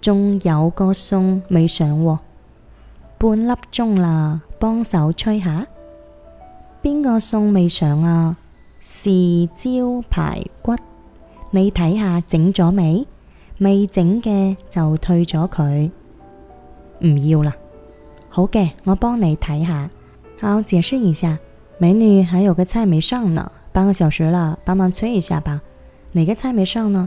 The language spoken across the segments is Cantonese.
仲有個餸未上喎，半粒鐘啦，幫手催下。邊個餸未上啊？豉椒排骨，你睇下整咗未？未整嘅就退咗佢，唔要啦。好嘅，我幫你睇下。好，解釋一下，美女，還有個菜未上呢，半個小時啦，幫忙催一下吧。哪個菜未上呢？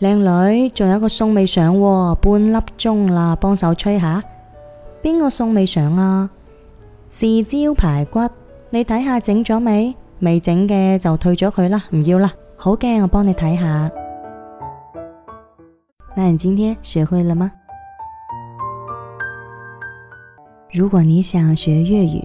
靚女，仲有一個餸未上喔，半粒鐘啦，幫手催一下。邊個餸未上啊？豉椒排骨，你睇下整咗未？未整嘅就退咗佢啦，唔要啦。好嘅，我幫你睇下。那你今天學會了嗎？如果你想學粵語。